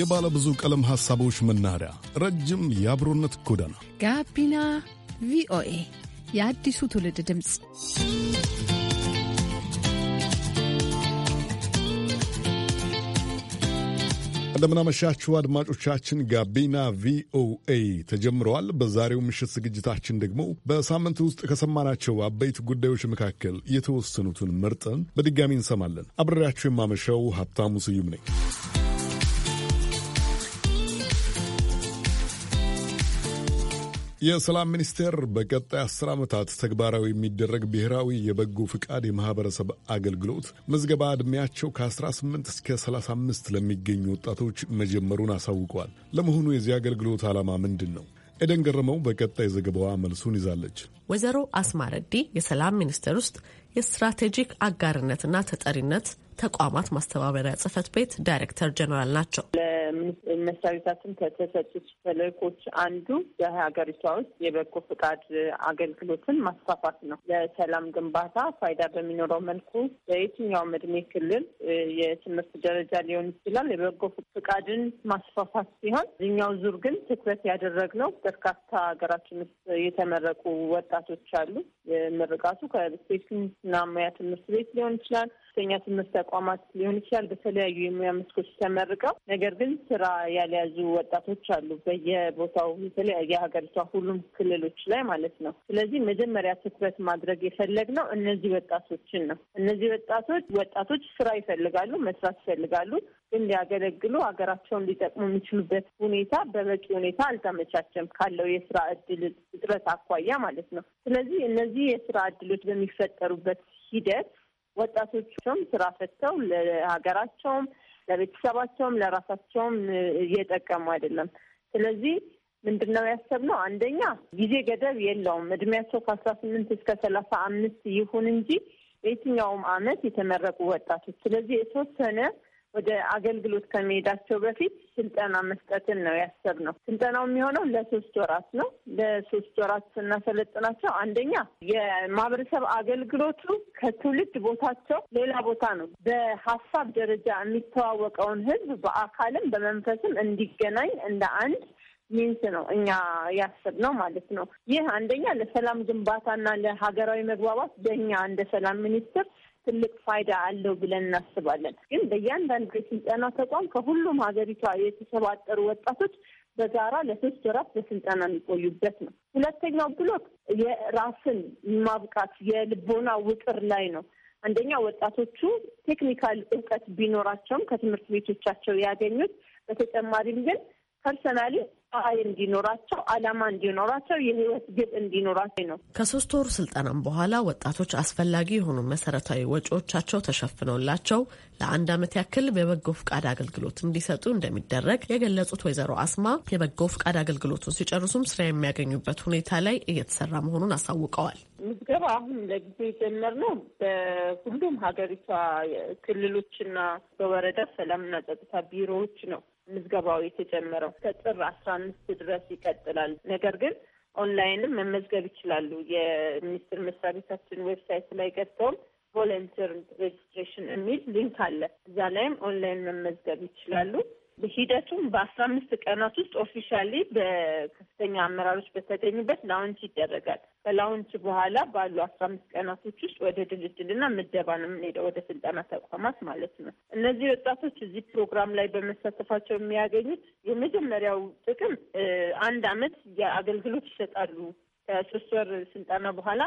የባለ ብዙ ቀለም ሐሳቦች መናኸሪያ፣ ረጅም የአብሮነት ጎዳና ጋቢና ቪኦኤ የአዲሱ ትውልድ ድምፅ። እንደምናመሻችሁ አድማጮቻችን፣ ጋቢና ቪኦኤ ተጀምረዋል። በዛሬው ምሽት ዝግጅታችን ደግሞ በሳምንት ውስጥ ከሰማናቸው አበይት ጉዳዮች መካከል የተወሰኑትን መርጠን በድጋሚ እንሰማለን። አብሬያችሁ የማመሻው ሀብታሙ ስዩም ነኝ። የሰላም ሚኒስቴር በቀጣይ አስር ዓመታት ተግባራዊ የሚደረግ ብሔራዊ የበጎ ፍቃድ የማህበረሰብ አገልግሎት ምዝገባ ዕድሜያቸው ከ18 እስከ 35 ለሚገኙ ወጣቶች መጀመሩን አሳውቋል። ለመሆኑ የዚህ አገልግሎት ዓላማ ምንድን ነው? ኤደን ገረመው በቀጣይ ዘገባዋ መልሱን ይዛለች። ወይዘሮ አስማረዲ የሰላም ሚኒስቴር ውስጥ የስትራቴጂክ አጋርነትና ተጠሪነት ተቋማት ማስተባበሪያ ጽህፈት ቤት ዳይሬክተር ጀኔራል ናቸው። ለመስሪያ ቤታችን ከተሰጡት ተልእኮች አንዱ በሀገሪቷ ውስጥ የበጎ ፍቃድ አገልግሎትን ማስፋፋት ነው። ለሰላም ግንባታ ፋይዳ በሚኖረው መልኩ በየትኛውም እድሜ ክልል፣ የትምህርት ደረጃ ሊሆን ይችላል የበጎ ፍቃድን ማስፋፋት ሲሆን እኛው ዙር ግን ትኩረት ያደረግነው በርካታ ሀገራችን ውስጥ የተመረቁ ወጣቶች አሉ። ምርቃቱ ከቴክኒክና ሙያ ትምህርት ቤት ሊሆን ይችላል ከፍተኛ ትምህርት ተቋማት ሊሆን ይችላል በተለያዩ የሙያ መስኮች ተመርቀው ነገር ግን ስራ ያልያዙ ወጣቶች አሉ በየቦታው የተለያየ ሀገሪቷ ሁሉም ክልሎች ላይ ማለት ነው። ስለዚህ መጀመሪያ ትኩረት ማድረግ የፈለግነው እነዚህ ወጣቶችን ነው። እነዚህ ወጣቶች ወጣቶች ስራ ይፈልጋሉ፣ መስራት ይፈልጋሉ ግን ሊያገለግሉ ሀገራቸውን ሊጠቅሙ የሚችሉበት ሁኔታ በበቂ ሁኔታ አልተመቻቸም ካለው የስራ እድል እጥረት አኳያ ማለት ነው። ስለዚህ እነዚህ የስራ እድሎች በሚፈጠሩበት ሂደት ወጣቶቹም ስራ ፈተው ለሀገራቸውም፣ ለቤተሰባቸውም፣ ለራሳቸውም እየጠቀሙ አይደለም። ስለዚህ ምንድን ነው ያሰብነው? አንደኛ ጊዜ ገደብ የለውም። እድሜያቸው ከአስራ ስምንት እስከ ሰላሳ አምስት ይሁን እንጂ በየትኛውም አመት የተመረቁ ወጣቶች ስለዚህ የተወሰነ ወደ አገልግሎት ከመሄዳቸው በፊት ስልጠና መስጠትን ነው ያሰብነው። ስልጠናው የሚሆነው ለሶስት ወራት ነው። ለሶስት ወራት ስናሰለጥናቸው አንደኛ የማህበረሰብ አገልግሎቱ ከትውልድ ቦታቸው ሌላ ቦታ ነው። በሀሳብ ደረጃ የሚተዋወቀውን ህዝብ በአካልም በመንፈስም እንዲገናኝ እንደ አንድ ሚንስ ነው እኛ ያሰብነው ማለት ነው። ይህ አንደኛ ለሰላም ግንባታና ለሀገራዊ መግባባት በእኛ እንደ ሰላም ሚኒስትር ትልቅ ፋይዳ አለው ብለን እናስባለን። ግን በእያንዳንዱ የስልጠና ተቋም ከሁሉም ሀገሪቷ የተሰባጠሩ ወጣቶች በጋራ ለሶስት ወራት በስልጠና የሚቆዩበት ነው። ሁለተኛው ብሎክ የራስን ማብቃት የልቦና ውቅር ላይ ነው። አንደኛ ወጣቶቹ ቴክኒካል እውቀት ቢኖራቸውም ከትምህርት ቤቶቻቸው ያገኙት፣ በተጨማሪም ግን ፐርሰናሊ አይ እንዲኖራቸው አላማ እንዲኖራቸው የህይወት ግብ እንዲኖራቸው ነው። ከሶስት ወሩ ስልጠናም በኋላ ወጣቶች አስፈላጊ የሆኑ መሰረታዊ ወጪዎቻቸው ተሸፍነውላቸው ለአንድ ዓመት ያክል በበጎ ፍቃድ አገልግሎት እንዲሰጡ እንደሚደረግ የገለጹት ወይዘሮ አስማ የበጎ ፍቃድ አገልግሎቱን ሲጨርሱም ስራ የሚያገኙበት ሁኔታ ላይ እየተሰራ መሆኑን አሳውቀዋል። ምዝገባ አሁን ለጊዜ ጀመር ነው። በሁሉም ሀገሪቷ ክልሎችና በወረዳ ሰላምና ጸጥታ ቢሮዎች ነው ምዝገባው የተጀመረው ከጥር አስራ አምስት ድረስ ይቀጥላል። ነገር ግን ኦንላይንም መመዝገብ ይችላሉ። የሚኒስቴር መስሪያ ቤታችን ዌብሳይት ላይ ገብተውም ቮለንቲር ሬጅስትሬሽን የሚል ሊንክ አለ። እዛ ላይም ኦንላይን መመዝገብ ይችላሉ። ሂደቱም በአስራ አምስት ቀናት ውስጥ ኦፊሻሊ በከፍተኛ አመራሮች በተገኙበት ላውንች ይደረጋል። ከላውንች በኋላ ባሉ አስራ አምስት ቀናቶች ውስጥ ወደ ድልድልና ምደባ ነው የምንሄደው፣ ወደ ስልጠና ተቋማት ማለት ነው። እነዚህ ወጣቶች እዚህ ፕሮግራም ላይ በመሳተፋቸው የሚያገኙት የመጀመሪያው ጥቅም አንድ አመት የአገልግሎት ይሰጣሉ። ከሶስት ወር ስልጠና በኋላ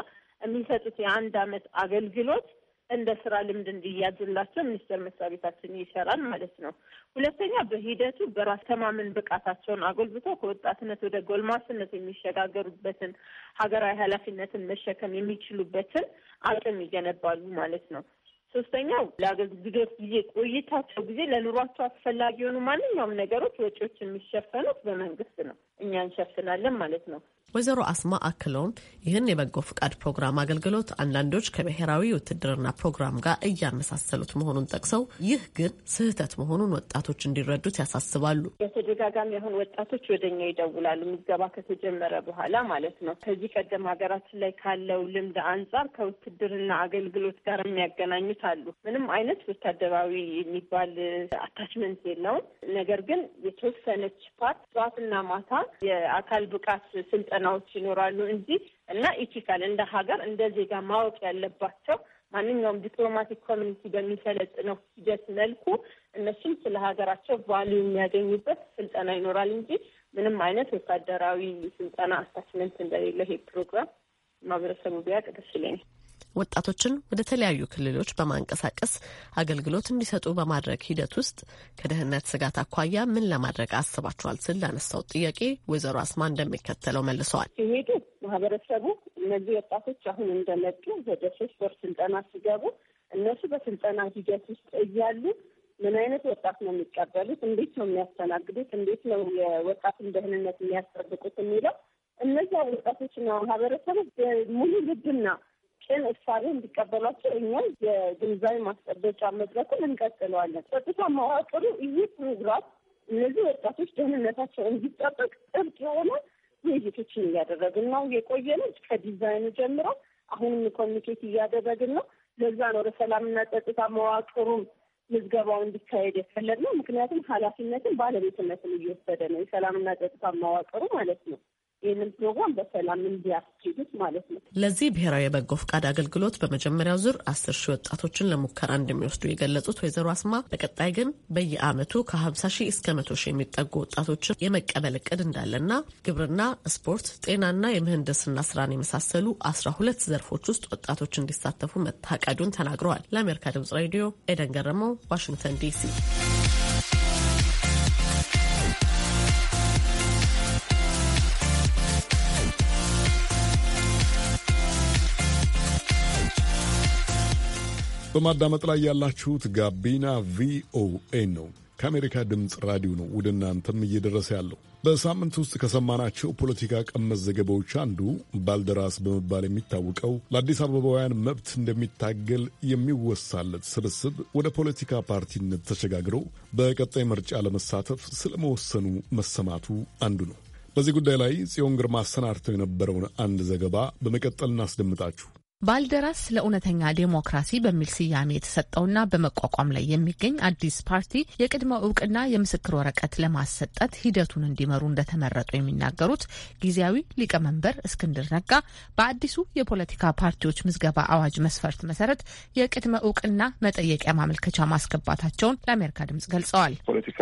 የሚሰጡት የአንድ አመት አገልግሎት እንደ ስራ ልምድ እንዲያዝላቸው ሚኒስቴር መስሪያ ቤታችን ይሰራል ማለት ነው። ሁለተኛ በሂደቱ በራስ ተማምን ብቃታቸውን አጎልብቶ ከወጣትነት ወደ ጎልማስነት የሚሸጋገሩበትን ሀገራዊ ኃላፊነትን መሸከም የሚችሉበትን አቅም ይገነባሉ ማለት ነው። ሶስተኛው ለአገልግሎት ጊዜ ቆይታቸው ጊዜ ለኑሯቸው አስፈላጊ የሆኑ ማንኛውም ነገሮች ወጪዎች የሚሸፈኑት በመንግስት ነው፣ እኛ እንሸፍናለን ማለት ነው። ወይዘሮ አስማ አክለውም ይህን የበጎ ፍቃድ ፕሮግራም አገልግሎት አንዳንዶች ከብሔራዊ ውትድርና ፕሮግራም ጋር እያመሳሰሉት መሆኑን ጠቅሰው ይህ ግን ስህተት መሆኑን ወጣቶች እንዲረዱት ያሳስባሉ። በተደጋጋሚ አሁን ወጣቶች ወደኛ ይደውላሉ፣ ምዝገባ ከተጀመረ በኋላ ማለት ነው። ከዚህ ቀደም ሀገራችን ላይ ካለው ልምድ አንጻር ከውትድርና አገልግሎት ጋር የሚያገናኙት አሉ። ምንም አይነት ወታደራዊ የሚባል አታችመንት የለውም። ነገር ግን የተወሰነች ፓርት ጠዋትና ማታ የአካል ብቃት ስልጠና ፈተናዎች ይኖራሉ እንጂ እና ኢቲካል እንደ ሀገር እንደ ዜጋ ማወቅ ያለባቸው ማንኛውም ዲፕሎማቲክ ኮሚኒቲ በሚሰለጥነው ሂደት መልኩ እነሱም ስለ ሀገራቸው ቫሉ የሚያገኙበት ስልጠና ይኖራል እንጂ ምንም አይነት ወታደራዊ ስልጠና አታችመንት እንደሌለ ይሄ ፕሮግራም ማህበረሰቡ ቢያቅ ደስ ይለኛል። ወጣቶችን ወደ ተለያዩ ክልሎች በማንቀሳቀስ አገልግሎት እንዲሰጡ በማድረግ ሂደት ውስጥ ከደህንነት ስጋት አኳያ ምን ለማድረግ አስባችኋል? ስል ላነሳሁት ጥያቄ ወይዘሮ አስማ እንደሚከተለው መልሰዋል። ሲሄዱ ማህበረሰቡ እነዚህ ወጣቶች አሁን እንደመጡ ወደ ሶስት ወር ስልጠና ሲገቡ እነሱ በስልጠና ሂደት ውስጥ እያሉ ምን አይነት ወጣት ነው የሚቀበሉት? እንዴት ነው የሚያስተናግዱት? እንዴት ነው የወጣቱን ደህንነት የሚያስጠብቁት? የሚለው እነዚያ ወጣቶችና ማህበረሰቡ ሙሉ ልብና ሌሎችን እሳቤ እንዲቀበሏቸው እኛ የግንዛቤ ማስጨበጫ መድረኩን እንቀጥለዋለን። ጸጥታ መዋቅሩ ይህ ፕሮግራም እነዚህ ወጣቶች ደህንነታቸው እንዲጠበቅ ጥብቅ የሆነ ውይይቶችን እያደረግን ነው የቆየነው። ከዲዛይኑ ጀምሮ አሁንም ኮሚኒኬት እያደረግን ነው። ለዛ ነው ወደ ጸጥታ መዋቅሩም ምዝገባው እንዲካሄድ የፈለግነው። ምክንያቱም ኃላፊነትን ባለቤትነትን እየወሰደ ነው የሰላምና ጸጥታ መዋቅሩ ማለት ነው። ይህንን ፕሮግራም በሰላም እንዲያስኬዱት ማለት ነው። ለዚህ ብሔራዊ የበጎ ፈቃድ አገልግሎት በመጀመሪያው ዙር አስር ሺህ ወጣቶችን ለሙከራ እንደሚወስዱ የገለጹት ወይዘሮ አስማ በቀጣይ ግን በየአመቱ ከ ሺህ እስከ መቶ ሺህ የሚጠጉ ወጣቶችን የመቀበል እቅድ እንዳለና ግብርና፣ ስፖርት፣ ጤናና የምህንድስና ስራን የመሳሰሉ አስራ ሁለት ዘርፎች ውስጥ ወጣቶች እንዲሳተፉ መታቀዱን ተናግረዋል። ለአሜሪካ ድምጽ ሬዲዮ ኤደን ገረመው ዋሽንግተን ዲሲ በማዳመጥ ላይ ያላችሁት ጋቢና ቪኦኤ ነው። ከአሜሪካ ድምፅ ራዲዮ ነው ወደ እናንተም እየደረሰ ያለው። በሳምንት ውስጥ ከሰማናቸው ፖለቲካ ቀመስ ዘገባዎች አንዱ ባልደራስ በመባል የሚታወቀው ለአዲስ አበባውያን መብት እንደሚታገል የሚወሳለት ስብስብ ወደ ፖለቲካ ፓርቲነት ተሸጋግሮ በቀጣይ ምርጫ ለመሳተፍ ስለመወሰኑ መሰማቱ አንዱ ነው። በዚህ ጉዳይ ላይ ጽዮን ግርማ አሰናድተው የነበረውን አንድ ዘገባ በመቀጠል እናስደምጣችሁ። ባልደራስ ለእውነተኛ ዴሞክራሲ በሚል ስያሜ የተሰጠውና በመቋቋም ላይ የሚገኝ አዲስ ፓርቲ የቅድመ እውቅና የምስክር ወረቀት ለማሰጠት ሂደቱን እንዲመሩ እንደተመረጡ የሚናገሩት ጊዜያዊ ሊቀመንበር እስክንድር ነጋ በአዲሱ የፖለቲካ ፓርቲዎች ምዝገባ አዋጅ መስፈርት መሰረት የቅድመ እውቅና መጠየቂያ ማመልከቻ ማስገባታቸውን ለአሜሪካ ድምጽ ገልጸዋል። ፖለቲካ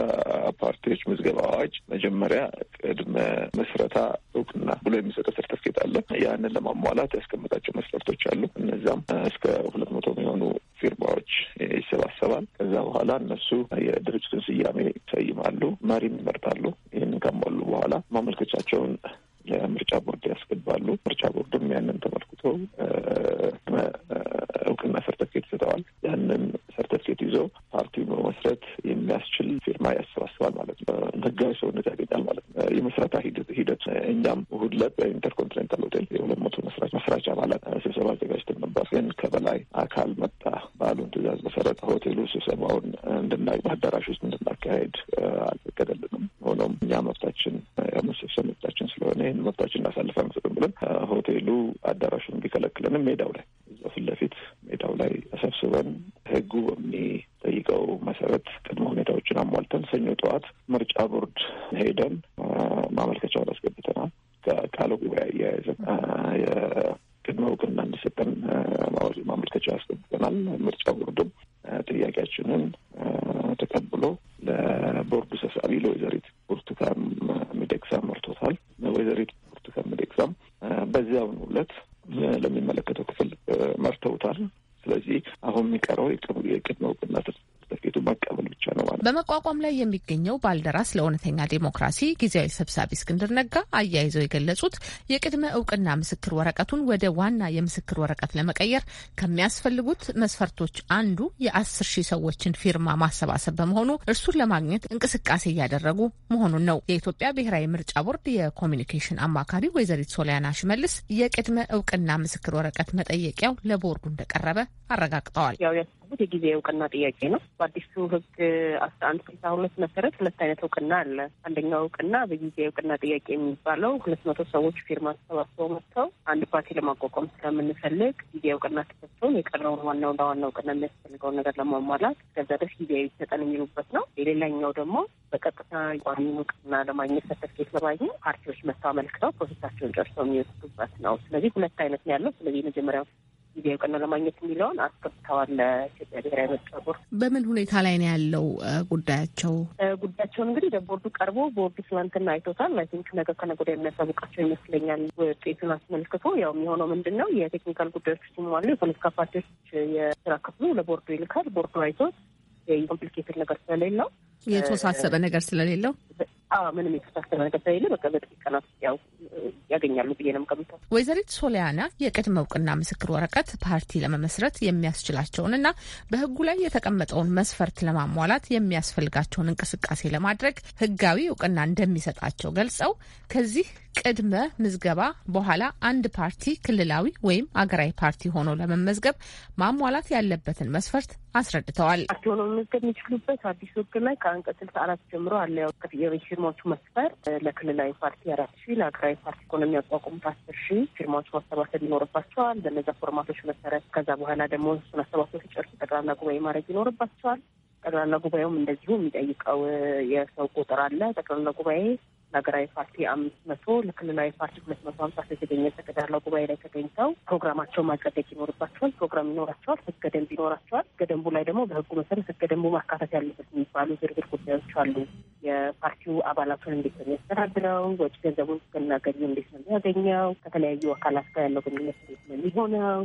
ፓርቲዎች ምዝገባ አዋጅ መጀመሪያ ቅድመ ምስረታ እውቅና ብሎ የሚሰጠው ሰርተፍኬት አለ። ያንን ለማሟላት ያስቀምጣቸው መስፈርቶች ይደረጋሉ። እነዛም እስከ ሁለት መቶ የሚሆኑ ፊርማዎች ይሰባሰባል። ከዛ በኋላ እነሱ የድርጅቱን ስያሜ ይሰይማሉ፣ መሪም ይመርጣሉ። ይህንን ከሞሉ በኋላ ማመልከቻቸውን ለምርጫ ቦርድ ያስገባሉ። ምርጫ ቦርድም ያንን ተመልክቶ እውቅና ሰርተፊኬት ይሰጠዋል። ያንን ሰርተፊኬት ይዞ ፓርቲው በመስረት የሚያስችል ፊርማ ያሰባስባል ማለት ነው። ህጋዊ ሰውነት ያገኛል ማለት ነው። የመስረታ ሂደት እኛም እሑድ ዕለት በኢንተርኮንቲኔንታል ሆቴል የሁለት መቶ መስራች መስራች አባላት ስብሰባ አዘጋጅተን ነበር። ግን ከበላይ አካል መጣ ባሉን ትእዛዝ መሰረት ሆቴሉ ስብሰባውን እንድናይ በአዳራሽ ውስጥ እንድናካሄድ አልፈቀደልንም። ሆኖም እኛ መብታችን ከሆነ ይህን መብታችን እናሳልፍ አንሰጥም ብለን ሆቴሉ አዳራሹን ቢከለክለንም ሜዳው ላይ እዛ ፊት ለፊት ሜዳው ላይ ተሰብስበን ህጉ በሚጠይቀው መሰረት ቅድመ ሁኔታዎችን አሟልተን ሰኞ ጠዋት ምርጫ ቦርድ ሄደን የቅድመ እውቅና ሰርተፊኬቱ መቀበል ብቻ ነው በመቋቋም ላይ የሚገኘው ባልደራስ ለእውነተኛ ዴሞክራሲ ጊዜያዊ ሰብሳቢ እስክንድር ነጋ አያይዘው የገለጹት የቅድመ እውቅና ምስክር ወረቀቱን ወደ ዋና የምስክር ወረቀት ለመቀየር ከሚያስፈልጉት መስፈርቶች አንዱ የአስር ሺህ ሰዎችን ፊርማ ማሰባሰብ በመሆኑ እርሱን ለማግኘት እንቅስቃሴ እያደረጉ መሆኑን ነው። የኢትዮጵያ ብሔራዊ ምርጫ ቦርድ የኮሚኒኬሽን አማካሪ ወይዘሪት ሶሊያና ሽመልስ የቅድመ እውቅና ምስክር ወረቀት መጠየቂያው ለቦርዱ እንደቀረበ አረጋግጠዋል። ያው ያስቡት የጊዜ እውቅና ጥያቄ ነው። በአዲሱ ህግ አስራ አንድ ስልሳ ሁለት መሰረት ሁለት አይነት እውቅና አለ። አንደኛው እውቅና በጊዜ እውቅና ጥያቄ የሚባለው ሁለት መቶ ሰዎች ፊርማ ተሰባስበው መጥተው አንድ ፓርቲ ለማቋቋም ስለምንፈልግ ጊዜ እውቅና ተሰጥቶን የቀረውን ዋናው ለዋና እውቅና የሚያስፈልገውን ነገር ለማሟላት ከዛ ደስ ጊዜያዊ ይሰጠን የሚሉበት ነው። የሌላኛው ደግሞ በቀጥታ ቋሚ እውቅና ለማግኘት ሰርተፍኬት ለማግኘት ፓርቲዎች መጥተው አመልክተው ፕሮሴሳቸውን ጨርሰው የሚወስዱበት ነው። ስለዚህ ሁለት አይነት ነው ያለው። ስለዚህ መጀመሪያው ጊዜ እውቅና ለማግኘት የሚለውን አስገብተዋል። ለኢትዮጵያ ብሔራዊ ምርጫ ቦርድ በምን ሁኔታ ላይ ነው ያለው ጉዳያቸው? ጉዳያቸውን እንግዲህ ለቦርዱ ቀርቦ ቦርዱ ትናንትና አይቶታል። አይ ቲንክ ነገ ከነገ ወዲያ የሚያሳውቃቸው ይመስለኛል። ውጤቱን አስመልክቶ ያው የሚሆነው ምንድን ነው የቴክኒካል ጉዳዮች ሲሟሉ የፖለቲካ ፓርቲዎች የስራ ክፍሉ ለቦርዱ ይልካል። ቦርዱ አይቶት የኮምፕሊኬትድ ነገር ስለሌለው የተወሳሰበ ነገር ስለሌለው ምንም የተወሳሰበ ነገር ስለሌለ በቃ በጥቂት ቀናት ያው ያገኛሉ ብዬ ነው የምገምተው። ወይዘሪት ሶሊያና የቅድመ እውቅና ምስክር ወረቀት ፓርቲ ለመመስረት የሚያስችላቸውን ና በህጉ ላይ የተቀመጠውን መስፈርት ለማሟላት የሚያስፈልጋቸውን እንቅስቃሴ ለማድረግ ህጋዊ እውቅና እንደሚሰጣቸው ገልጸው ከዚህ ቅድመ ምዝገባ በኋላ አንድ ፓርቲ ክልላዊ ወይም አገራዊ ፓርቲ ሆኖ ለመመዝገብ ማሟላት ያለበትን መስፈርት አስረድተዋል። ፓርቲ ሆኖ መመዝገብ የሚችሉበት አዲስ ህግ ላይ ከ ከአንቀጽ ስልሳ አራት ጀምሮ አለ ያው ፊርማዎቹ መስፈር ለክልላዊ ፓርቲ አራት ሺ ለሀገራዊ ፓርቲ ኢኮኖሚ ያቋቁሙት አስር ሺ ፊርማዎቹ ማሰባሰብ ይኖርባቸዋል። በነዚ ፎርማቶች መሰረት ከዛ በኋላ ደግሞ እሱን አሰባሰብ ሲጨርሱ ጠቅላላ ጉባኤ ማድረግ ይኖርባቸዋል። ጠቅላላ ጉባኤውም እንደዚሁ የሚጠይቀው የሰው ቁጥር አለ። ጠቅላላ ጉባኤ ለሀገራዊ ፓርቲ አምስት መቶ ለክልላዊ ፓርቲ ሁለት መቶ ሀምሳ የተገኘ ተቀዳላ ጉባኤ ላይ ተገኝተው ፕሮግራማቸውን ማጸደቅ ይኖርባቸዋል። ፕሮግራም ይኖራቸዋል። ህገ ደንብ ይኖራቸዋል። ህገ ደንቡ ላይ ደግሞ በህጉ መሰረት ህገ ደንቡ ማካተት ያለበት የሚባሉ ዝርዝር ጉዳዮች አሉ። የፓርቲው አባላቱን እንዴት ነው የሚያስተዳድረው? ወጪ ገንዘቡን እና እንዴት ነው የሚያገኘው? ከተለያዩ አካላት ጋር ያለው ግንኙነት እንዴት ነው የሚሆነው?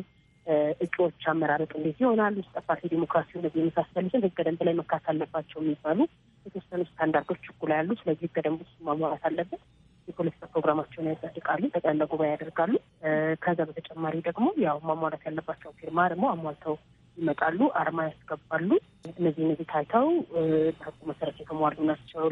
እጩዎች አመራረጥ እንዴት ይሆናል? ውስጠ ፓርቲ ዲሞክራሲ፣ እነዚህ የመሳሰሉትን ህገ ደንብ ላይ መካት አለባቸው የሚባሉ የተወሰኑ ስታንዳርዶች እኩል ያሉ፣ ስለዚህ ህገ ደንቡ ማሟላት አለበት። የፖለቲካ ፕሮግራማቸውን ያጸድቃሉ፣ ጠቅላላ ጉባኤ ያደርጋሉ። ከዛ በተጨማሪ ደግሞ ያው ማሟላት ያለባቸው ፊርማ ደግሞ አሟልተው ይመጣሉ፣ አርማ ያስገባሉ። እነዚህ እነዚህ ታይተው ታቁ መሰረት የተሟሉ ናቸው፣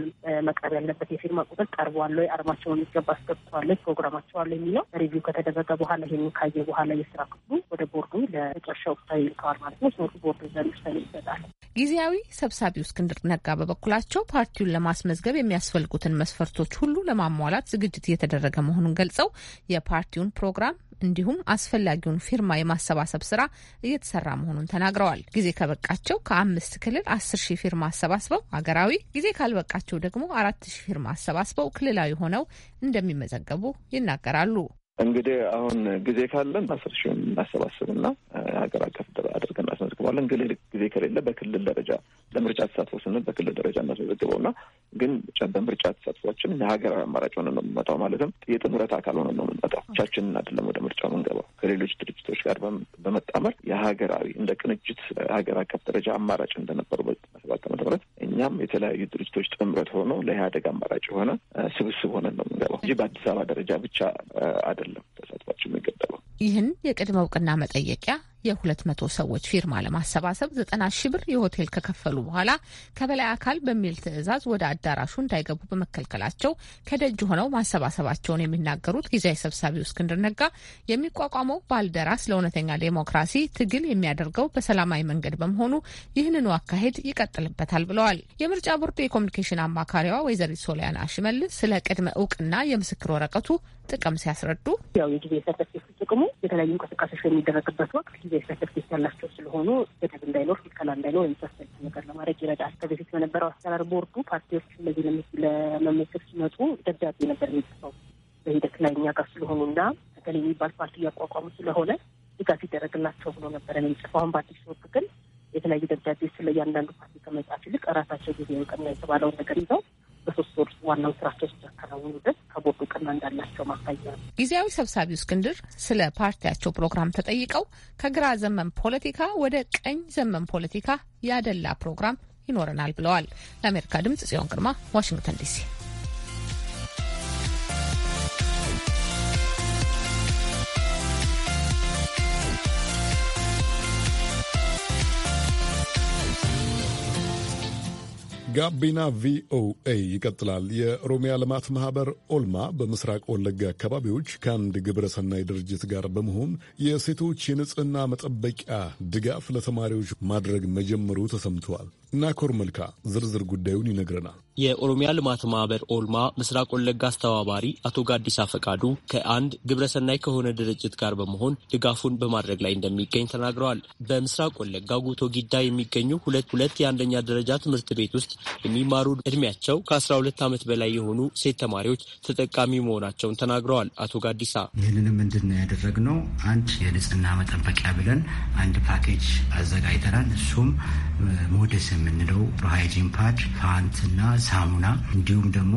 መቅረብ ያለበት የፊርማ ቁጥር ቀርቧል ወይ፣ አርማቸውን ይገባ አስገብተዋለች፣ ፕሮግራማቸው አለ የሚለው ሪቪው ከተደረገ በኋላ ይህን ካየ በኋላ የስራ ክፍሉ ወደ ቦርዱ ለመጨረሻ ወቅታዊ ይልከዋል ማለት ነው። ሶቱ ቦርዱ ዘንድ ይሰጣል። ጊዜያዊ ሰብሳቢው እስክንድር ነጋ በበኩላቸው ፓርቲውን ለማስመዝገብ የሚያስፈልጉትን መስፈርቶች ሁሉ ለማሟላት ዝግጅት እየተደረገ መሆኑን ገልጸው የፓርቲውን ፕሮግራም እንዲሁም አስፈላጊውን ፊርማ የማሰባሰብ ስራ እየተሰራ መሆኑን ተናግረዋል። ጊዜ ከበቃቸው ከአምስት ክልል አስር ሺህ ፊርማ አሰባስበው አገራዊ፣ ጊዜ ካልበቃቸው ደግሞ አራት ሺህ ፊርማ አሰባስበው ክልላዊ ሆነው እንደሚመዘገቡ ይናገራሉ። እንግዲህ አሁን ጊዜ ካለን አስር ሺውን እናሰባስብና ሀገር አቀፍ አድርገን እናስመዝግበዋለን። ግን ጊዜ ከሌለ በክልል ደረጃ ለምርጫ ተሳትፎ ስንል በክልል ደረጃ እናስመዘግበውና ግን በምርጫ ተሳትፏችን የሀገራዊ አማራጭ ሆነ ነው የምንመጣው። ማለትም የጥምረት አካል ሆነ ነው የምንመጣው። ብቻችንን አይደለም ወደ ምርጫው የምንገባው። ከሌሎች ድርጅቶች ጋር በመጣመር የሀገራዊ እንደ ቅንጅት ሀገር አቀፍ ደረጃ አማራጭ እንደነበሩ በሰባት ዓመተ ምህረት እኛም የተለያዩ ድርጅቶች ጥምረት ሆኖ ለኢህአደግ አማራጭ የሆነ ስብስብ ሆነን ነው የምንገባው እንጂ በአዲስ አበባ ደረጃ ብቻ አደ አይደለም ተሳትፏችን የገጠመው። ይህን የቅድመ እውቅና መጠየቂያ የ200 ሰዎች ፊርማ ለማሰባሰብ 90 ሺህ ብር የሆቴል ከከፈሉ በኋላ ከበላይ አካል በሚል ትዕዛዝ ወደ አዳራሹ እንዳይገቡ በመከልከላቸው ከደጅ ሆነው ማሰባሰባቸውን የሚናገሩት ጊዜያዊ ሰብሳቢው እስክንድር ነጋ የሚቋቋመው ባልደራስ ለእውነተኛ ዴሞክራሲ ትግል የሚያደርገው በሰላማዊ መንገድ በመሆኑ ይህንኑ አካሄድ ይቀጥልበታል ብለዋል። የምርጫ ቦርዱ የኮሚኒኬሽን አማካሪዋ ወይዘሪት ሶሊያና ሽመልስ ስለ ቅድመ እውቅና የምስክር ወረቀቱ ጥቅም ሲያስረዱ ያው የጊዜ ጥቅሙ የተለያዩ እንቅስቃሴዎች በሚደረግበት ወቅት የሰርተፊኬት ያላቸው ስለሆኑ ገደብ እንዳይኖር ክልከላ እንዳይኖር የመሳሰሉት ነገር ለማድረግ ይረዳል። ከበፊት በነበረው አሰራር ቦርዱ ፓርቲዎች እነዚህ ለመመዝገብ ሲመጡ ደብዳቤ ነበር የሚጽፈው በሂደት ላይ እኛ ጋር ስለሆኑ እና በተለይ የሚባል ፓርቲ እያቋቋሙ ስለሆነ ድጋፍ ይደረግላቸው ብሎ ነበረ የሚጽፈው። አሁን በአዲስ ወቅት ግን የተለያዩ ደብዳቤ ስለ እያንዳንዱ ፓርቲ ከመጻፍ ይልቅ ራሳቸው ጊዜ ቀና የተባለውን ነገር ይዘው በሶስት ወር ዋናው ስራቸው እስኪያከናውኑ ድረስ ከቦርዱ ቅና እንዳላቸው ማሳያ ነው። ጊዜያዊ ሰብሳቢው እስክንድር ስለ ፓርቲያቸው ፕሮግራም ተጠይቀው ከግራ ዘመን ፖለቲካ ወደ ቀኝ ዘመን ፖለቲካ ያደላ ፕሮግራም ይኖረናል ብለዋል። ለአሜሪካ ድምጽ ጽዮን ግርማ ዋሽንግተን ዲሲ ጋቢና ቪኦኤ ይቀጥላል። የኦሮሚያ ልማት ማህበር ኦልማ በምስራቅ ወለጋ አካባቢዎች ከአንድ ግብረሰናይ ድርጅት ጋር በመሆን የሴቶች የንጽህና መጠበቂያ ድጋፍ ለተማሪዎች ማድረግ መጀመሩ ተሰምተዋል። ናኮር መልካ ዝርዝር ጉዳዩን ይነግረናል። የኦሮሚያ ልማት ማህበር ኦልማ ምስራቅ ወለጋ አስተባባሪ አቶ ጋዲሳ ፈቃዱ ከአንድ ግብረሰናይ ከሆነ ድርጅት ጋር በመሆን ድጋፉን በማድረግ ላይ እንደሚገኝ ተናግረዋል። በምስራቅ ወለጋ ጉቶ ጊዳ የሚገኙ ሁለት ሁለት የአንደኛ ደረጃ ትምህርት ቤት ውስጥ የሚማሩ እድሜያቸው ከ12 ዓመት በላይ የሆኑ ሴት ተማሪዎች ተጠቃሚ መሆናቸውን ተናግረዋል። አቶ ጋዲሳ ይህንንም ምንድን ነው ያደረግነው? አንድ የንጽህና መጠበቂያ ብለን አንድ ፓኬጅ አዘጋጅተናል። እሱም ሞደስም የምንለው ሃይጂን ፓድ፣ ፋንት እና ሳሙና እንዲሁም ደግሞ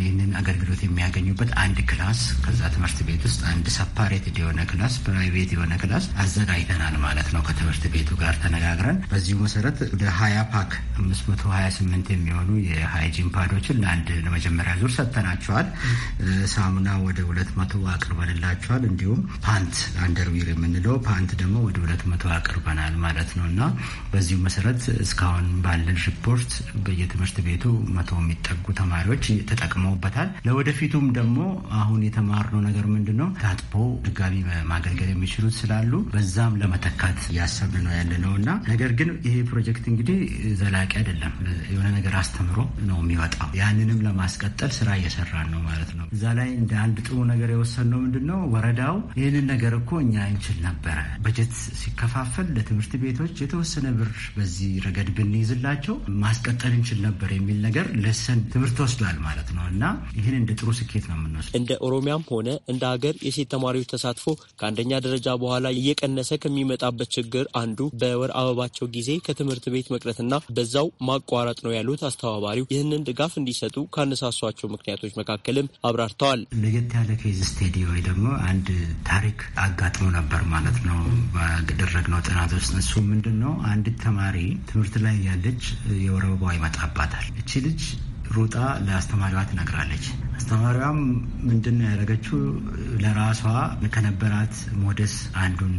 ይህንን አገልግሎት የሚያገኙበት አንድ ክላስ ከዛ ትምህርት ቤት ውስጥ አንድ ሰፓሬት የሆነ ክላስ ፕራይቬት የሆነ ክላስ አዘጋጅተናል ማለት ነው። ከትምህርት ቤቱ ጋር ተነጋግረን በዚሁ መሰረት ወደ ሀያ ፓክ አምስት መቶ ሀያ ስምንት የሚሆኑ የሃይጂን ፓዶችን ለአንድ ለመጀመሪያ ዙር ሰጥተናቸዋል። ሳሙና ወደ ሁለት መቶ አቅርበንላቸዋል። እንዲሁም ፓንት አንደርዊር የምንለው ፓንት ደግሞ ወደ ሁለት መቶ አቅርበናል ማለት ነው እና በዚሁ መሰረት እስካሁን ባለን ሪፖርት በየትምህርት ቤቱ መቶ የሚጠጉ ተማሪዎች ተጠቅመውበታል። ለወደፊቱም ደግሞ አሁን የተማርነው ነገር ምንድን ነው ታጥቦ ድጋሚ ማገልገል የሚችሉት ስላሉ በዛም ለመተካት እያሰብን ነው ያለ ነው እና ነገር ግን ይሄ ፕሮጀክት እንግዲህ ዘላቂ አይደለም። የሆነ ነገር አስተምሮ ነው የሚወጣው። ያንንም ለማስቀጠል ስራ እየሰራን ነው ማለት ነው። እዛ ላይ እንደ አንድ ጥሩ ነገር ነው ምንድን ነው ወረዳው ይህንን ነገር እኮ እኛ እንችል ነበረ። በጀት ሲከፋፈል ለትምህርት ቤቶች የተወሰነ ብር በዚህ ረገድ ብንይዝ ብንይዝላቸው ማስቀጠል እንችል ነበር የሚል ነገር ለሰን ትምህርት ወስዷል ማለት ነው እና ይህን እንደ ጥሩ ስኬት ነው የምንወስደው። እንደ ኦሮሚያም ሆነ እንደ ሀገር የሴት ተማሪዎች ተሳትፎ ከአንደኛ ደረጃ በኋላ እየቀነሰ ከሚመጣበት ችግር አንዱ በወር አበባቸው ጊዜ ከትምህርት ቤት መቅረትና በዛው ማቋረጥ ነው ያሉት አስተባባሪው ይህንን ድጋፍ እንዲሰጡ ካነሳሷቸው ምክንያቶች መካከልም አብራርተዋል። ለየት ያለ ኬዝ ስቴዲ ወይ ደግሞ አንድ ታሪክ አጋጥሞ ነበር ማለት ነው ባደረግነው ጥናት ውስጥ እሱ ምንድን ነው አንድ ተማሪ ትምህርት ላይ ያለ ልጅ የወር አበባዋ ይመጣባታል። እቺ ልጅ ሩጣ ለአስተማሪዋ ትነግራለች። አስተማሪዋም ምንድን ያደረገችው? ለራሷ ከነበራት ሞደስ አንዱን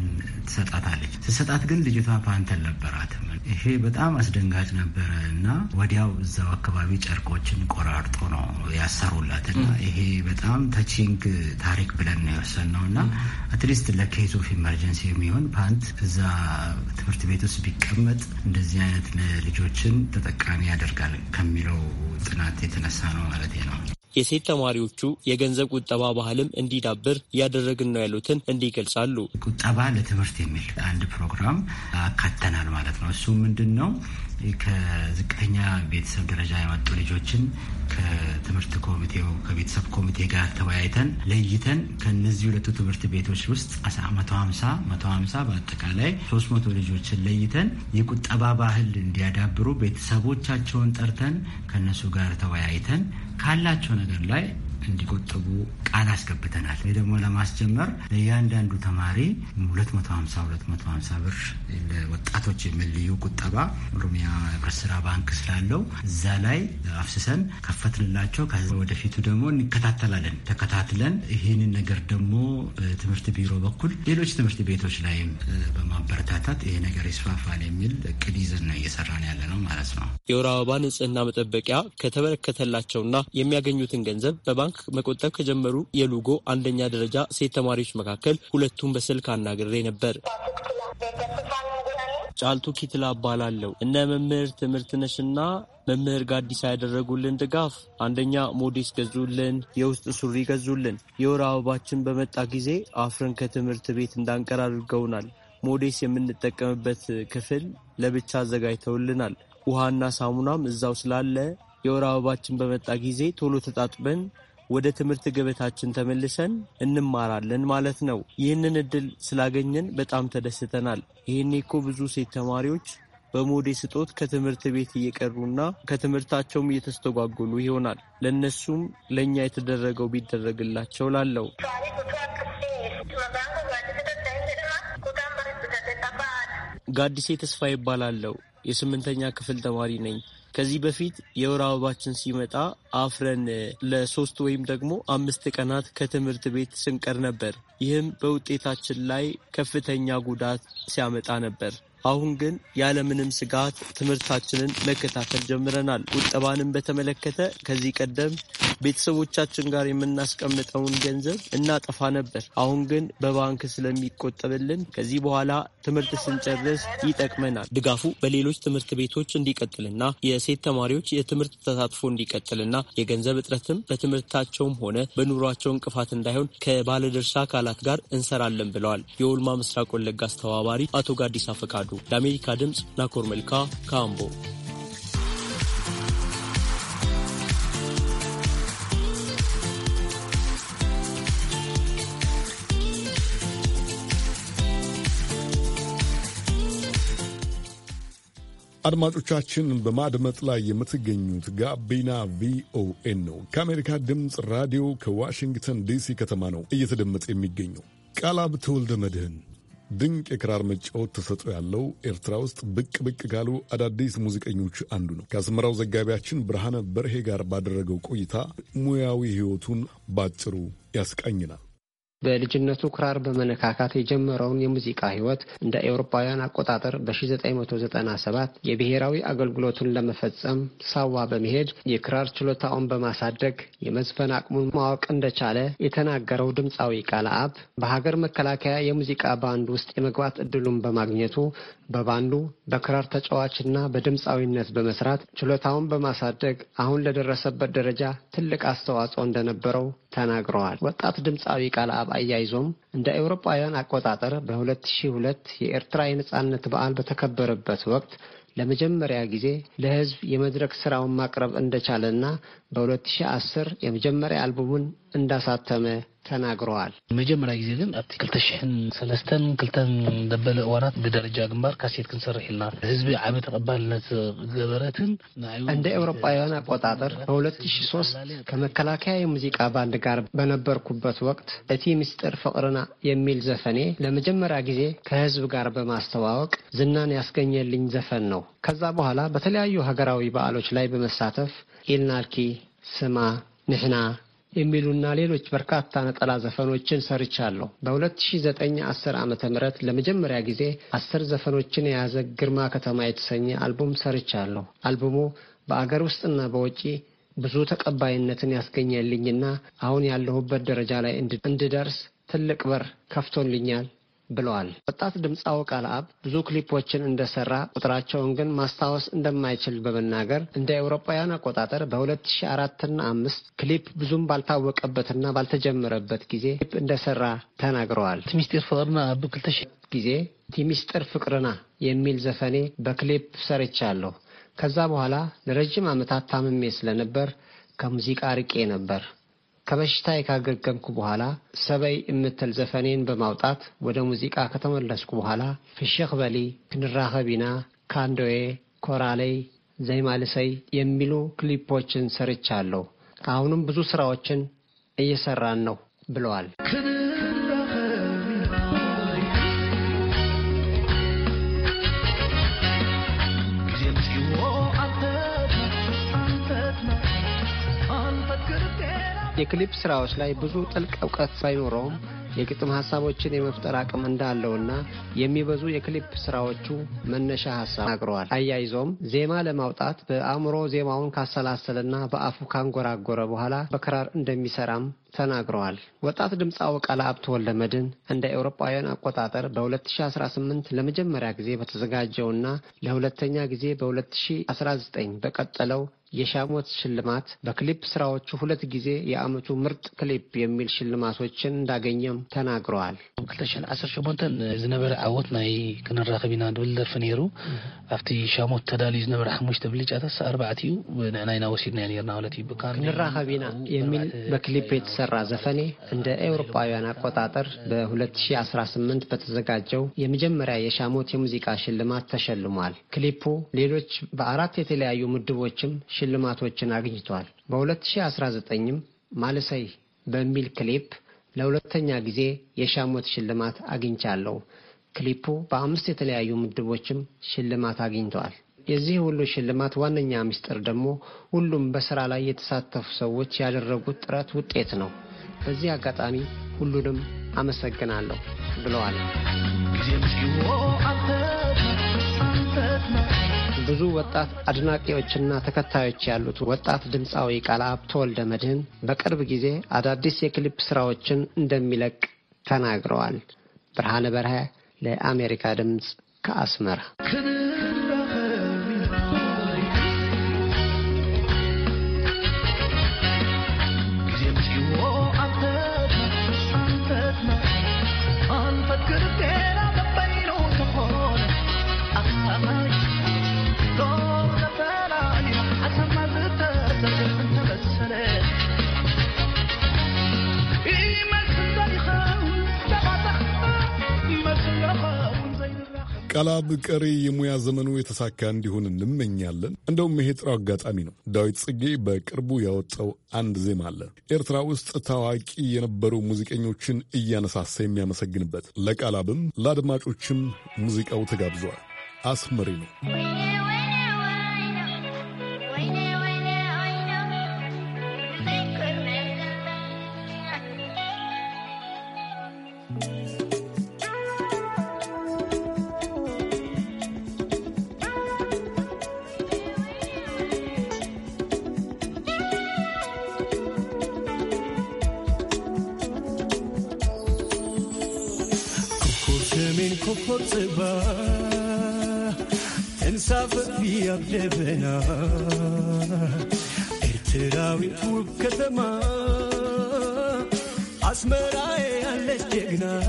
ትሰጣታለች። ስትሰጣት ግን ልጅቷ ፓንተል ነበራትም ይሄ በጣም አስደንጋጭ ነበረ እና ወዲያው እዛው አካባቢ ጨርቆችን ቆራርጦ ነው ያሰሩላት እና ይሄ በጣም ተቺንግ ታሪክ ብለን ነው ነው እና አትሊስት ለኬዝ ኦፍ ኢመርጀንሲ የሚሆን ፓንት እዛ ትምህርት ቤት ውስጥ ቢቀመጥ እንደዚህ አይነት ልጆችን ተጠቃሚ ያደርጋል ከሚለው ጥናት የተነሳ ነው ማለት ነው። የሴት ተማሪዎቹ የገንዘብ ቁጠባ ባህልም እንዲዳብር እያደረግን ነው ያሉትን እንዲህ ይገልጻሉ። ቁጠባ ለትምህርት የሚል አንድ ፕሮግራም አካተናል ማለት ነው። እሱ ምንድን ነው ከዝቅተኛ ቤተሰብ ደረጃ የመጡ ልጆችን ከትምህርት ኮሚቴው ከቤተሰብ ኮሚቴ ጋር ተወያይተን ለይተን ከነዚህ ሁለቱ ትምህርት ቤቶች ውስጥ መቶ ሀምሳ መቶ ሀምሳ በአጠቃላይ ሶስት መቶ ልጆችን ለይተን የቁጠባ ባህል እንዲያዳብሩ ቤተሰቦቻቸውን ጠርተን ከነሱ ጋር ተወያይተን ካላቸው ነገር ላይ እንዲቆጥቡ ቃል አስገብተናል። ይህ ደግሞ ለማስጀመር ለእያንዳንዱ ተማሪ 250 250 ብር ለወጣቶች የሚልዩ ቁጠባ ኦሮሚያ ህብረት ስራ ባንክ ስላለው እዛ ላይ አፍስሰን ከፈትንላቸው። ወደፊቱ ደግሞ እንከታተላለን። ተከታትለን ይህንን ነገር ደግሞ በትምህርት ቢሮ በኩል ሌሎች ትምህርት ቤቶች ላይም በማበረታታት ይሄ ነገር ይስፋፋል የሚል እቅድ ይዘን ነው እየሰራን ያለ ነው ማለት ነው። የወር አበባ ንጽህና መጠበቂያ ከተበረከተላቸውና የሚያገኙትን ገንዘብ በባንክ ባንክ መቆጠብ ከጀመሩ የሉጎ አንደኛ ደረጃ ሴት ተማሪዎች መካከል ሁለቱን በስልክ አናግሬ ነበር። ጫልቱ ኪትላ እባላለሁ። እነ መምህር ነሽና መምህር ጋዲሳ ያደረጉልን ድጋፍ አንደኛ ሞዴስ ገዙልን፣ የውስጥ ሱሪ ገዙልን። የወር አበባችን በመጣ ጊዜ አፍረን ከትምህርት ቤት እንዳንቀር አድርገውናል። ሞዴስ የምንጠቀምበት ክፍል ለብቻ አዘጋጅተውልናል። ውሃና ሳሙናም እዛው ስላለ የወር አበባችን በመጣ ጊዜ ቶሎ ተጣጥበን ወደ ትምህርት ገበታችን ተመልሰን እንማራለን ማለት ነው። ይህንን እድል ስላገኘን በጣም ተደስተናል። ይህኔ እኮ ብዙ ሴት ተማሪዎች በሞዴ ስጦት ከትምህርት ቤት እየቀሩና ከትምህርታቸውም እየተስተጓጎሉ ይሆናል። ለእነሱም ለእኛ የተደረገው ቢደረግላቸው ላለው ጋዲሴ ተስፋ ይባላለው። የስምንተኛ ክፍል ተማሪ ነኝ። ከዚህ በፊት የወር አበባችን ሲመጣ አፍረን ለሶስት ወይም ደግሞ አምስት ቀናት ከትምህርት ቤት ስንቀር ነበር። ይህም በውጤታችን ላይ ከፍተኛ ጉዳት ሲያመጣ ነበር። አሁን ግን ያለምንም ስጋት ትምህርታችንን መከታተል ጀምረናል። ቁጠባንም በተመለከተ ከዚህ ቀደም ቤተሰቦቻችን ጋር የምናስቀምጠውን ገንዘብ እናጠፋ ነበር። አሁን ግን በባንክ ስለሚቆጠብልን ከዚህ በኋላ ትምህርት ስንጨርስ ይጠቅመናል። ድጋፉ በሌሎች ትምህርት ቤቶች እንዲቀጥልና የሴት ተማሪዎች የትምህርት ተሳትፎ እንዲቀጥልና የገንዘብ እጥረትም በትምህርታቸውም ሆነ በኑሯቸው እንቅፋት እንዳይሆን ከባለድርሻ አካላት ጋር እንሰራለን ብለዋል የኦልማ ምስራቅ ወለጋ አስተባባሪ አቶ ጋዲስ አፈቃዱ። አድርጉ። ለአሜሪካ ድምፅ ናኮር መልካ ካምቦ አድማጮቻችን በማድመጥ ላይ የምትገኙት ጋቢና ቪኦኤን ነው። ከአሜሪካ ድምፅ ራዲዮ ከዋሽንግተን ዲሲ ከተማ ነው እየተደመጠ የሚገኘው። ቃላብ ተወልደ መድህን ድንቅ የክራር መጫወት ተሰጦ ያለው ኤርትራ ውስጥ ብቅ ብቅ ካሉ አዳዲስ ሙዚቀኞች አንዱ ነው። ከአስመራው ዘጋቢያችን ብርሃነ በርሄ ጋር ባደረገው ቆይታ ሙያዊ ሕይወቱን ባጭሩ ያስቃኝናል። በልጅነቱ ክራር በመነካካት የጀመረውን የሙዚቃ ህይወት እንደ አውሮፓውያን አቆጣጠር በ1997 የብሔራዊ አገልግሎቱን ለመፈጸም ሳዋ በመሄድ የክራር ችሎታውን በማሳደግ የመዝፈን አቅሙን ማወቅ እንደቻለ የተናገረው ድምፃዊ አብ በሀገር መከላከያ የሙዚቃ ባንድ ውስጥ የመግባት እድሉን በማግኘቱ በባንዱ በክራር ተጫዋችና በድምፃዊነት በመስራት ችሎታውን በማሳደግ አሁን ለደረሰበት ደረጃ ትልቅ አስተዋጽኦ እንደነበረው ተናግረዋል። ወጣት ድምፃዊ አብ አያይዞም እንደ አውሮፓውያን አቆጣጠር በ2002 የኤርትራ የነፃነት በዓል በተከበረበት ወቅት ለመጀመሪያ ጊዜ ለህዝብ የመድረክ ስራውን ማቅረብ እንደቻለና በ2010 የመጀመሪያ አልበሙን እንዳሳተመ ተናግረዋል። መጀመሪያ ጊዜ ግን ኣብቲ ክልተ ሽሕን ሰለስተን ክልተን ደበለ እዋናት ብደረጃ ግንባር ካሴት ክንሰርሕ ኢልና ህዝቢ ዓብ ተቐባልነት ገበረትን እንደ ኤውሮጳውያን ኣቆጣጠር በ2003 ከመከላከያ የሙዚቃ ባንድ ጋር በነበርኩበት ወቅት እቲ ምስጢር ፍቅርና የሚል ዘፈኔ ለመጀመሪያ ጊዜ ከህዝብ ጋር በማስተዋወቅ ዝናን ያስገኘልኝ ዘፈን ነው። ከዛ በኋላ በተለያዩ ሀገራዊ በዓሎች ላይ በመሳተፍ ኢልናልኪ፣ ስማ፣ ንሕና የሚሉና ሌሎች በርካታ ነጠላ ዘፈኖችን ሰርቻለሁ። በ2009 10 ዓ ም ለመጀመሪያ ጊዜ አስር ዘፈኖችን የያዘ ግርማ ከተማ የተሰኘ አልቡም ሰርቻለሁ። አልቡሙ በአገር ውስጥና በውጪ ብዙ ተቀባይነትን ያስገኘልኝና አሁን ያለሁበት ደረጃ ላይ እንድደርስ ትልቅ በር ከፍቶልኛል ብለዋል። ወጣት ድምፃዊ ቃል አብ ብዙ ክሊፖችን እንደሰራ ቁጥራቸውን ግን ማስታወስ እንደማይችል በመናገር እንደ አውሮፓውያን አቆጣጠር በ2004 እና አምስት ክሊፕ ብዙም ባልታወቀበትና ባልተጀመረበት ጊዜ ክሊፕ እንደሰራ ተናግረዋል። ሚስጢር ፍቅርና ብክልተሽ ጊዜ ሚስጥር ፍቅርና የሚል ዘፈኔ በክሊፕ ሰርቻለሁ። ከዛ በኋላ ለረጅም ዓመታት ታምሜ ስለነበር ከሙዚቃ ርቄ ነበር። ከበሽታ የካገገምኩ በኋላ ሰበይ እምትል ዘፈኔን በማውጣት ወደ ሙዚቃ ከተመለስኩ በኋላ ፍሽኽ በሊ፣ ክንራኸቢና፣ ካንዶዬ፣ ኮራለይ፣ ዘይማልሰይ የሚሉ ክሊፖችን ሰርቻለሁ። አሁንም ብዙ ስራዎችን እየሰራን ነው ብለዋል። የክሊፕ ስራዎች ላይ ብዙ ጥልቅ እውቀት ባይኖረውም የግጥም ሀሳቦችን የመፍጠር አቅም እንዳለውና የሚበዙ የክሊፕ ስራዎቹ መነሻ ሀሳብ ናግረዋል። አያይዞም ዜማ ለማውጣት በአእምሮ ዜማውን ካሰላሰለና በአፉ ካንጎራጎረ በኋላ በክራር እንደሚሰራም ተናግረዋል። ወጣት ድምፃዊ ወልደ መድን እንደ ኤውሮጳውያን አቆጣጠር በ2018 ለመጀመሪያ ጊዜ በተዘጋጀውና ለሁለተኛ ጊዜ በ2019 በቀጠለው የሻሞት ሽልማት በክሊፕ ስራዎቹ ሁለት ጊዜ የአመቱ ምርጥ ክሊፕ የሚል ሽልማቶችን እንዳገኘም ተናግረዋል። 2018 ዝነበረ ዓወት ናይ ክንራኸብ ኢና ድብል ደርፊ ነይሩ ኣብቲ ሻሞት ተዳልዩ ዝነበረ ሓሙሽተ ብልጫታት ኣርባዕት እዩ ንዕና ኢና ወሲድና ነርና ማለት እዩ ክንራኸብ ኢና የሚል በክሊፕ የተሰ የተሰራ ዘፈኔ እንደ ኤውሮፓውያን አቆጣጠር በ2018 በተዘጋጀው የመጀመሪያ የሻሞት የሙዚቃ ሽልማት ተሸልሟል። ክሊፑ ሌሎች በአራት የተለያዩ ምድቦችም ሽልማቶችን አግኝቷል። በ2019ም ማልሰይ በሚል ክሊፕ ለሁለተኛ ጊዜ የሻሞት ሽልማት አግኝቻለሁ። ክሊፑ በአምስት የተለያዩ ምድቦችም ሽልማት አግኝቷል። የዚህ ሁሉ ሽልማት ዋነኛ ምስጢር ደግሞ ሁሉም በስራ ላይ የተሳተፉ ሰዎች ያደረጉት ጥረት ውጤት ነው። በዚህ አጋጣሚ ሁሉንም አመሰግናለሁ ብለዋል። ብዙ ወጣት አድናቂዎችና ተከታዮች ያሉት ወጣት ድምፃዊ ቃለአብ ወልደ መድህን በቅርብ ጊዜ አዳዲስ የክሊፕ ስራዎችን እንደሚለቅ ተናግረዋል። ብርሃነ በርሀ ለአሜሪካ ድምፅ ከአስመራ ቃላብ ቀሪ የሙያ ዘመኑ የተሳካ እንዲሆን እንመኛለን። እንደውም ይሄ ጥሩ አጋጣሚ ነው። ዳዊት ጽጌ በቅርቡ ያወጣው አንድ ዜማ አለ ኤርትራ ውስጥ ታዋቂ የነበሩ ሙዚቀኞችን እያነሳሳ የሚያመሰግንበት። ለቃላብም ለአድማጮችም ሙዚቃው ተጋብዟል። አስመሪ ነው። sabah insafı bir ablevena erteravi bu katma asmera'e alet yegna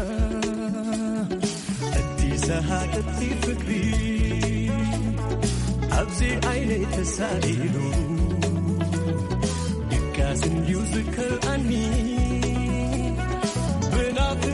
etti sahat etti fikri abzi aynı tesadilu dikkasin yüzü kır anni ben artık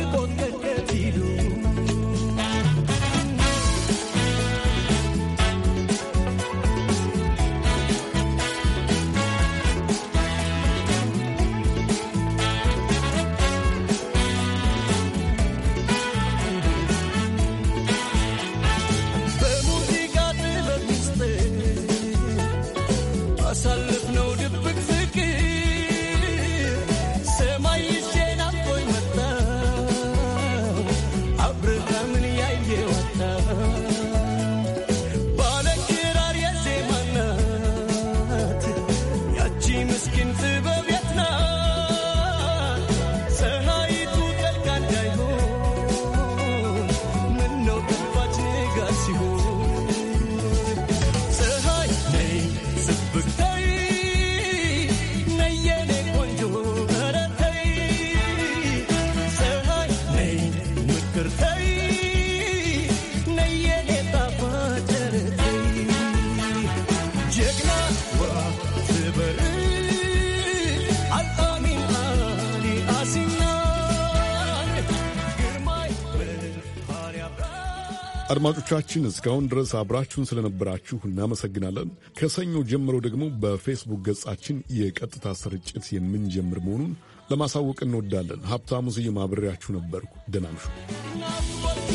አድማጮቻችን እስካሁን ድረስ አብራችሁን ስለነበራችሁ እናመሰግናለን። ከሰኞ ጀምሮ ደግሞ በፌስቡክ ገጻችን የቀጥታ ስርጭት የምንጀምር መሆኑን ለማሳወቅ እንወዳለን። ሀብታሙ ስዩም አብሬያችሁ ነበርኩ። ደህና እምሹ።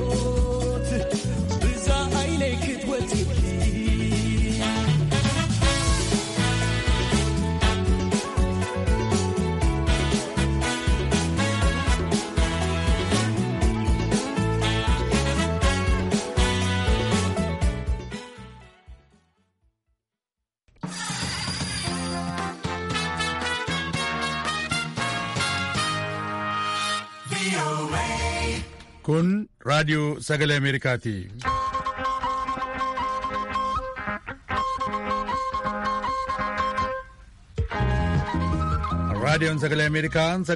Radio sagalee ameerikaati. Radio sagalee Americati.